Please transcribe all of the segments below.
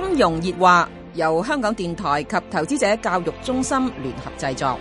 金融熱話由香港電台及投資者教育中心聯合製作。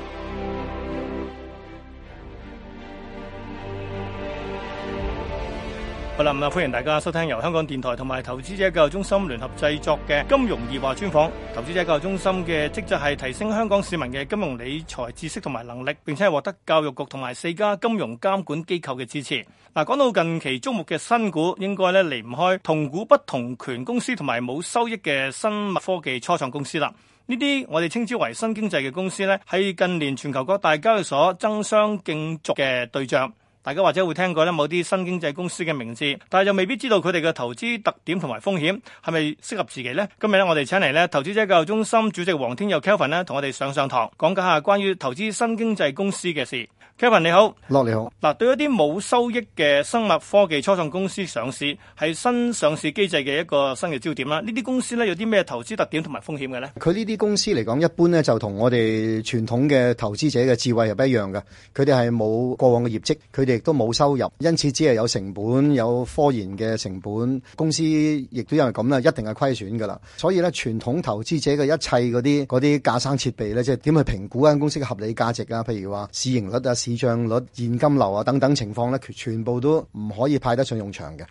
好啦，咁啊，歡迎大家收聽由香港電台同埋投資者教育中心聯合製作嘅《金融熱話》專訪。投資者教育中心嘅職責係提升香港市民嘅金融理財知識同埋能力，並且係獲得教育局同埋四家金融監管機構嘅支持。嗱，講到近期矚目嘅新股，應該咧離唔開同股不同權公司同埋冇收益嘅生物科技初創公司啦。呢啲我哋稱之為新經濟嘅公司咧，喺近年全球各大交易所爭相競逐嘅對象。大家或者會聽過呢某啲新經濟公司嘅名字，但又未必知道佢哋嘅投資特點同埋風險係咪適合自己呢？今日呢，我哋請嚟呢投資者教育中心主席黃天祐 Kelvin 呢同我哋上上堂講解下關於投資新經濟公司嘅事。Kelvin 你好，Law 你好。嗱，對一啲冇收益嘅生物科技初創公司上市係新上市機制嘅一個新嘅焦點啦。呢啲公司呢，有啲咩投資特點同埋風險嘅呢？佢呢啲公司嚟講，一般呢就同我哋傳統嘅投資者嘅智慧係不一樣嘅。佢哋係冇過往嘅業績，佢哋。亦都冇收入，因此只係有成本，有科研嘅成本，公司亦都因為咁啦，一定係虧損噶啦。所以呢，傳統投資者嘅一切嗰啲嗰啲架生設備呢，即係點去評估一間公司嘅合理價值啊？譬如話市盈率啊、市賬率、現金流啊等等情況呢，全部都唔可以派得上用場嘅。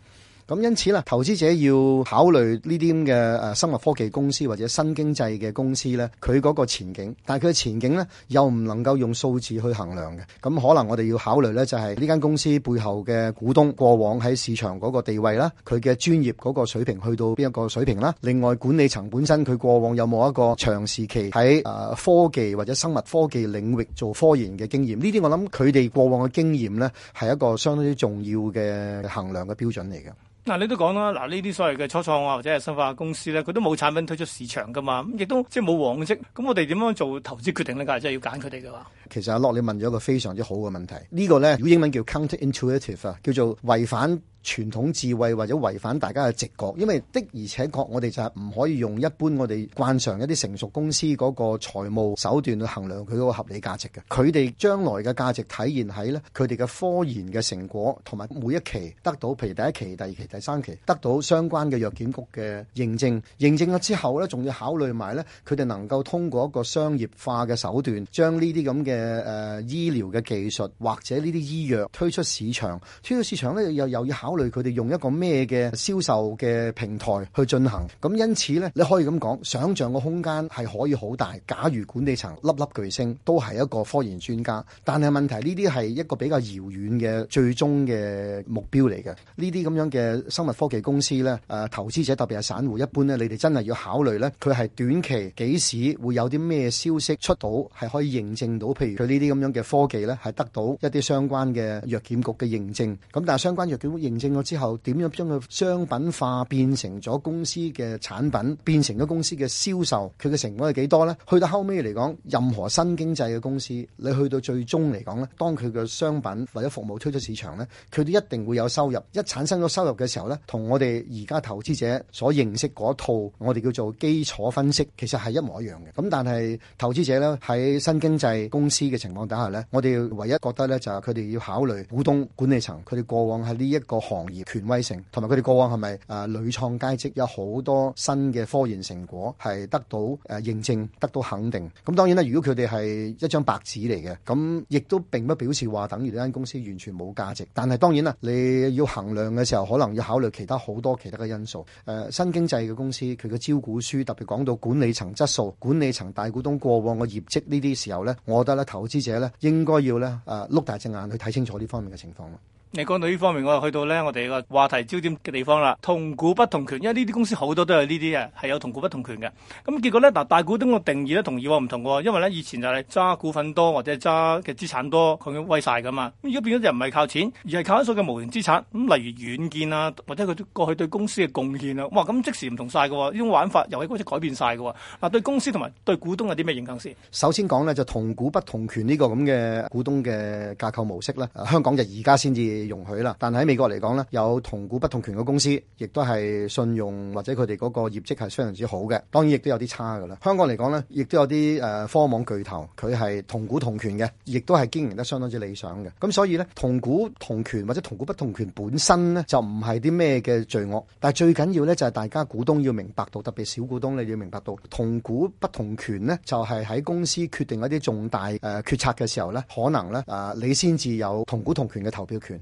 咁因此啦，投資者要考慮呢啲咁嘅誒生物科技公司或者新經濟嘅公司咧，佢嗰個前景。但係佢嘅前景咧，又唔能夠用數字去衡量嘅。咁可能我哋要考慮咧，就係呢間公司背後嘅股東過往喺市場嗰個地位啦，佢嘅專業嗰個水平去到邊一個水平啦。另外，管理層本身佢過往有冇一個長時期喺誒科技或者生物科技領域做科研嘅經驗？呢啲我諗，佢哋過往嘅經驗咧，係一個相當之重要嘅衡量嘅標準嚟嘅。嗱，你都講啦，嗱，呢啲所謂嘅初創啊，或者係新化公司咧，佢都冇產品推出市場㗎嘛，咁亦都即係冇黃色，咁我哋點樣做投資決定呢？梗係真係要揀佢哋㗎啦。其實阿樂，你問咗一個非常之好嘅問題，這個、呢個咧用英文叫 counterintuitive 啊，叫做違反傳統智慧或者違反大家嘅直覺，因為的而且確，我哋就係唔可以用一般我哋慣常一啲成熟公司嗰個財務手段去衡量佢嗰個合理價值嘅。佢哋將來嘅價值體現喺呢，佢哋嘅科研嘅成果，同埋每一期得到，譬如第一期、第二期、第三期得到相關嘅藥檢局嘅認證。認證咗之後呢，仲要考慮埋呢，佢哋能夠通過一個商業化嘅手段，將呢啲咁嘅誒醫療嘅技術或者呢啲醫藥推出市場。推出市場呢，又又要考佢哋用一個咩嘅銷售嘅平台去進行，咁因此咧你可以咁講，想象嘅空間係可以好大。假如管理層粒粒巨星都係一個科研專家，但係問題呢啲係一個比較遙遠嘅最終嘅目標嚟嘅。呢啲咁樣嘅生物科技公司咧，誒，投資者特別係散戶，一般咧，你哋真係要考慮咧，佢係短期幾時會有啲咩消息出到，係可以認證到，譬如佢呢啲咁樣嘅科技咧，係得到一啲相關嘅藥檢局嘅認證。咁但係相關藥檢局認證。之後點樣將個商品化變成咗公司嘅產品，變成咗公司嘅銷售，佢嘅成本係幾多咧？去到後尾嚟講，任何新經濟嘅公司，你去到最終嚟講咧，當佢嘅商品或者服務推出市場咧，佢都一定會有收入。一產生咗收入嘅時候咧，同我哋而家投資者所認識嗰套我哋叫做基礎分析，其實係一模一樣嘅。咁但係投資者咧喺新經濟公司嘅情況底下咧，我哋唯一覺得咧就係佢哋要考慮股東管理層，佢哋過往喺呢一個行業權威性，同埋佢哋過往係咪誒屢創佳績，呃、有好多新嘅科研成果係得到誒認證，得到肯定。咁當然啦，如果佢哋係一張白紙嚟嘅，咁亦都並不表示話等於呢間公司完全冇價值。但係當然啦，你要衡量嘅時候，可能要考慮其他好多其他嘅因素。誒、呃，新經濟嘅公司，佢嘅招股書，特別講到管理層質素、管理層大股東過往嘅業績呢啲時候呢，我覺得咧，投資者咧應該要呢誒碌、呃、大隻眼去睇清楚呢方面嘅情況咯。你講到呢方面，我又去到咧我哋嘅話題焦點嘅地方啦。同股不同權，因為呢啲公司好多都係呢啲嘅，係有同股不同權嘅。咁結果咧，嗱大股東嘅定義咧，同以往唔同嘅，因為咧以前就係揸股份多或者揸嘅資產多，佢要威晒噶嘛。咁而家變咗，就唔係靠錢，而係靠一啲嘅無形資產，咁例如軟件啊，或者佢過去對公司嘅貢獻啊。哇，咁即時唔同晒㗎喎，呢種玩法又喺公司改變晒㗎喎。嗱，對公司同埋對股東有啲咩影響先？首先講咧就同股不同權呢個咁嘅股東嘅架構模式咧，香港就而家先至容許啦，但喺美國嚟講有同股不同權嘅公司，亦都係信用或者佢哋嗰個業績係非常之好嘅。當然亦都有啲差嘅啦。香港嚟講呢亦都有啲、呃、科網巨頭，佢係同股同權嘅，亦都係經營得相當之理想嘅。咁所以呢，同股同權或者同股不同權本身呢，就唔係啲咩嘅罪惡。但係最緊要呢，就係、是、大家股東要明白到，特別小股東你要明白到，同股不同權呢，就係、是、喺公司決定一啲重大誒、呃、決策嘅時候呢，可能呢，啊、呃，你先至有同股同權嘅投票權。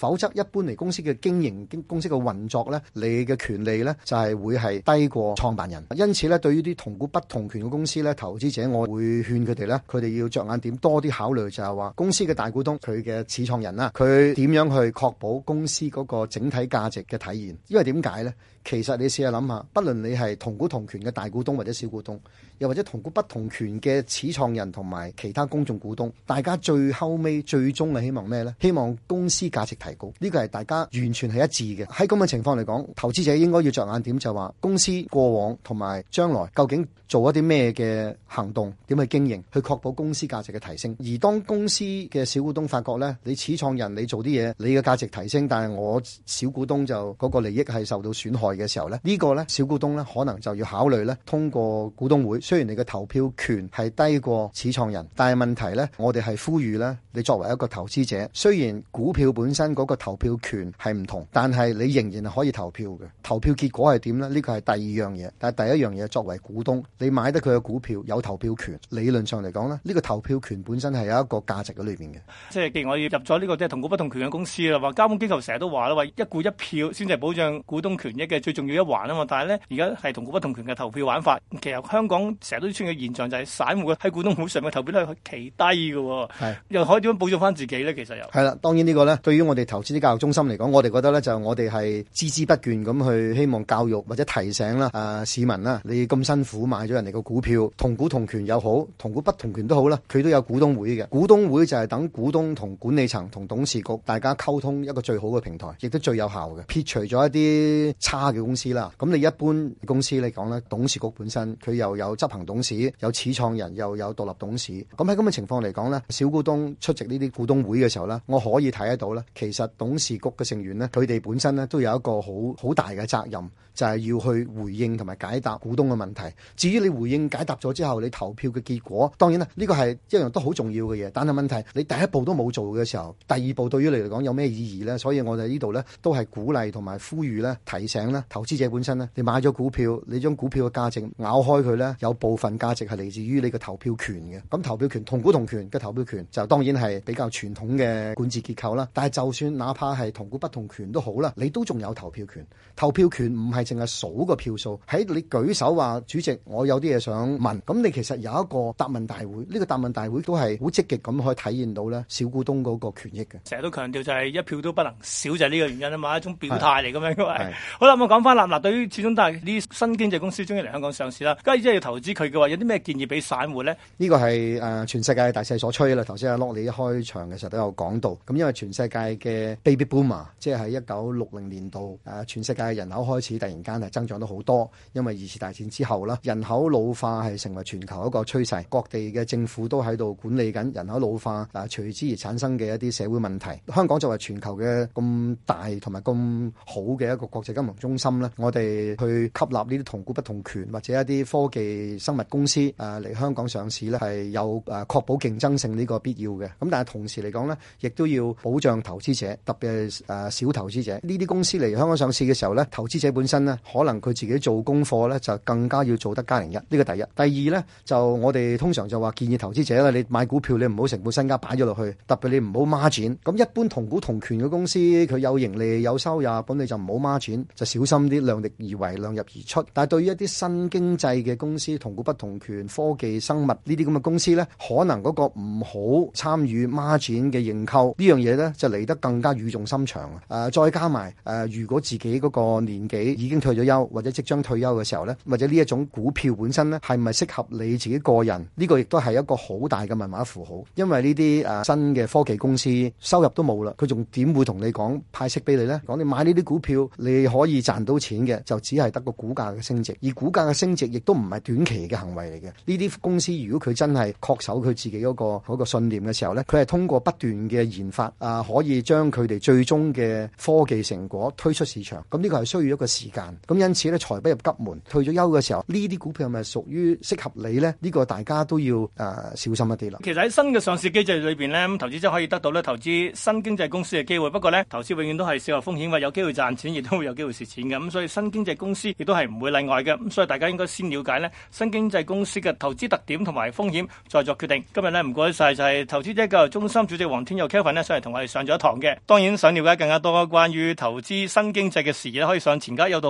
否則一般嚟公司嘅經營、公司嘅運作呢，你嘅權利呢就係會係低過創辦人。因此呢，對於啲同股不同權嘅公司呢，投資者我會勸佢哋呢，佢哋要着眼點多啲考慮，就係話公司嘅大股東佢嘅始創人啦，佢點樣去確保公司嗰個整體價值嘅體現？因為點解呢？其實你試下諗下，不論你係同股同權嘅大股東或者小股東，又或者同股不同權嘅始創人同埋其他公眾股東，大家最後尾最終係希望咩呢？希望公司價值提。呢個係大家完全係一致嘅。喺咁嘅情況嚟講，投資者應該要着眼點就話公司過往同埋將來究竟做一啲咩嘅行動，點去經營，去確保公司價值嘅提升。而當公司嘅小股東發覺咧，你始創人你做啲嘢，你嘅價值提升，但係我小股東就，嗰個利益係受到損害嘅時候咧，呢個咧小股東咧可能就要考慮咧，通過股東會。雖然你嘅投票權係低過始創人，但係問題咧，我哋係呼籲咧，你作為一個投資者，雖然股票本身。嗰個投票權係唔同，但係你仍然係可以投票嘅。投票結果係點呢？呢個係第二樣嘢。但係第一樣嘢，作為股東，你買得佢嘅股票有投票權，理論上嚟講呢，呢個投票權本身係有一個價值喺裏邊嘅。即係既然我要入咗呢個即係同股不同權嘅公司啦，話監管機構成日都話啦，話一股一票先至係保障股東權益嘅最重要一環啊嘛。但係呢，而家係同股不同權嘅投票玩法，其實香港成日都出現嘅現象就係散戶喺股東會上嘅投票率係奇低嘅，係又可以點樣保障翻自己呢？其實又係啦，當然呢個呢，對於我哋。投資者教育中心嚟講，我哋覺得呢就我哋係孜孜不倦咁去希望教育或者提醒啦，誒、呃、市民啦，你咁辛苦買咗人哋個股票，同股同權又好，同股不同權都好啦，佢都有股東會嘅。股東會就係等股東同管理層同董事局大家溝通一個最好嘅平台，亦都最有效嘅。撇除咗一啲差嘅公司啦，咁你一般公司嚟講咧，董事局本身佢又有執行董事，有始創人，又有獨立董事。咁喺咁嘅情況嚟講呢，小股東出席呢啲股東會嘅時候呢，我可以睇得到呢。其實董事局嘅成員咧，佢哋本身咧都有一個好好大嘅責任。就係要去回應同埋解答股東嘅問題。至於你回應解答咗之後，你投票嘅結果，當然啦，呢個係一樣都好重要嘅嘢。但係問題，你第一步都冇做嘅時候，第二步對於你嚟講有咩意義呢？所以我哋呢度呢，都係鼓勵同埋呼籲呢，提醒咧，投資者本身呢，你買咗股票，你將股票嘅價值咬開佢呢，有部分價值係嚟自於你嘅投票權嘅。咁投票權同股同權嘅投票權就當然係比較傳統嘅管治結構啦。但係就算哪怕係同股不同權都好啦，你都仲有投票權。投票權唔係，淨係數個票數，喺你舉手話主席，我有啲嘢想問，咁你其實有一個答問大會，呢個答問大會都係好積極咁可以體現到咧小股東嗰個權益嘅。成日都強調就係一票都不能少，就係呢個原因啊嘛，一種表態嚟噶嘛，係。好啦，我講翻啦，嗱，對於始終都係呢新經濟公司終於嚟香港上市啦，家要即係要投資佢嘅話，有啲咩建議俾散戶咧？呢個係誒全世界大勢所趨啦。頭先阿洛你開場嘅時候都有講到，咁因為全世界嘅 Baby Boomer 即係一九六零年度誒，全世界嘅人口開始突然。間係增長咗好多，因為二次大戰之後啦，人口老化係成為全球一個趨勢，各地嘅政府都喺度管理緊人口老化，嗱，隨之而產生嘅一啲社會問題。香港作為全球嘅咁大同埋咁好嘅一個國際金融中心咧，我哋去吸納呢啲同股不同權或者一啲科技生物公司誒嚟香港上市咧，係有誒確保競爭性呢個必要嘅。咁但係同時嚟講呢，亦都要保障投資者，特別係誒小投資者，呢啲公司嚟香港上市嘅時候呢，投資者本身。可能佢自己做功課呢，就更加要做得加零一，呢個第一。第二呢，就我哋通常就話建議投資者啦，你買股票你唔好成本身家擺咗落去，特別你唔好孖展。咁一般同股同權嘅公司，佢有盈利有收入，咁你就唔好孖展，就小心啲量力而為，量入而出。但係對於一啲新經濟嘅公司，同股不同權、科技、生物呢啲咁嘅公司呢，可能嗰個唔好參與孖展嘅認購呢樣嘢呢，就嚟得更加語重心長啊、呃！再加埋誒、呃，如果自己嗰個年紀已經退咗休或者即將退休嘅時候呢？或者呢一種股票本身呢，係唔係適合你自己個人？呢、呢個亦都係一個好大嘅文化符號。因為呢啲誒新嘅科技公司收入都冇啦，佢仲點會同你講派息俾你呢？講你買呢啲股票，你可以賺到錢嘅，就只係得個股價嘅升值。而股價嘅升值亦都唔係短期嘅行為嚟嘅。呢啲公司如果佢真係確守佢自己嗰、嗰個、嗰個信念嘅時候呢，佢係通過不斷嘅研發啊，可以將佢哋最終嘅科技成果推出市場。咁呢個係需要一個時間。咁因此咧，財不入急門。退咗休嘅時候，呢啲股票係咪屬於適合你呢？呢、這個大家都要誒、呃、小心一啲啦。其實喺新嘅上市機制裏邊咧，投資者可以得到咧投資新經濟公司嘅機會。不過咧，投資永遠都係少有風險，或有機會賺錢，亦都會有機會蝕錢嘅。咁所以新經濟公司亦都係唔會例外嘅。咁所以大家應該先了解咧新經濟公司嘅投資特點同埋風險，再作決定。今日呢，唔該晒就係投資者教育中心主席黃天祐 Kelvin 咧，上嚟同我哋上咗一堂嘅。當然想了解更加多關於投資新經濟嘅事咧，可以上錢家有道